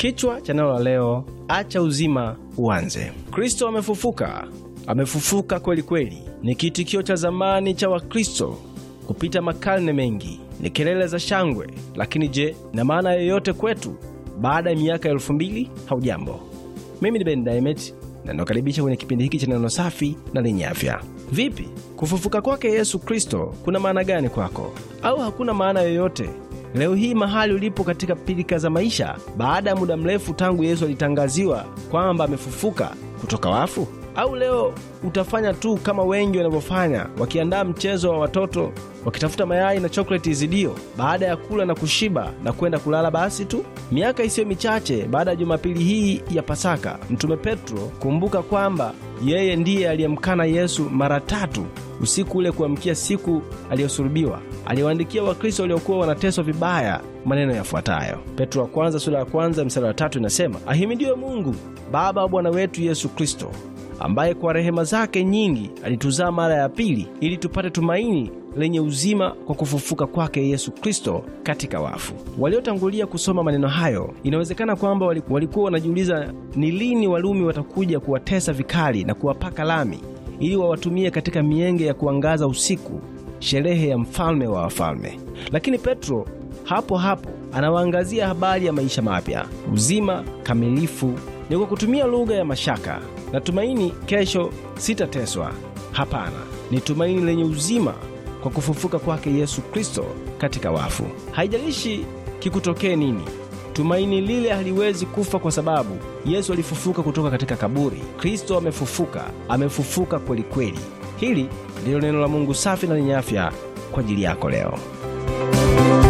Kichwa cha neno la leo, acha uzima uanze. Kristo amefufuka, amefufuka kweli kweli. Ni kiitikio cha zamani cha Wakristo kupita makarne mengi, ni kelele za shangwe. Lakini je, na maana yoyote kwetu baada ya miaka elfu mbili? Haujambo, mimi ni Ben Daimet na nakaribisha kwenye kipindi hiki cha neno safi na lenye afya. Vipi, kufufuka kwake Yesu Kristo kuna maana gani kwako? Au hakuna maana yoyote Leo hii mahali ulipo katika pilika za maisha, baada ya muda mrefu tangu Yesu alitangaziwa kwamba amefufuka kutoka wafu, au leo utafanya tu kama wengi wanavyofanya, wakiandaa mchezo wa watoto, wakitafuta mayai na chokoleti izidio, baada ya kula na kushiba na kwenda kulala basi tu. Miaka isiyo michache baada ya Jumapili hii ya Pasaka, Mtume Petro, kumbuka kwamba yeye ndiye aliyemkana Yesu mara tatu usiku ule kuamkia siku aliyosulubiwa, aliwaandikia Wakristo waliokuwa wanateswa vibaya maneno yafuatayo. Petro wa kwanza sura ya kwanza mstari wa tatu inasema, ahimidiwe Mungu Baba wa Bwana wetu Yesu Kristo, ambaye kwa rehema zake nyingi alituzaa mara ya pili, ili tupate tumaini lenye uzima kwa kufufuka kwake Yesu Kristo katika wafu. Waliotangulia kusoma maneno hayo, inawezekana kwamba walikuwa wanajiuliza ni lini Walumi watakuja kuwatesa vikali na kuwapaka lami ili wawatumie katika mienge ya kuangaza usiku, sherehe ya mfalme wa wafalme. Lakini Petro hapo hapo anawaangazia habari ya maisha mapya, uzima kamilifu, ni kwa kutumia lugha ya mashaka. Natumaini kesho sitateswa. Hapana, ni tumaini lenye uzima kwa kufufuka kwake Yesu Kristo katika wafu. Haijalishi kikutokee nini. Tumaini lile haliwezi kufa kwa sababu Yesu alifufuka kutoka katika kaburi. Kristo amefufuka, amefufuka kweli kweli. Hili ndilo neno la Mungu safi na lenye afya kwa ajili yako leo.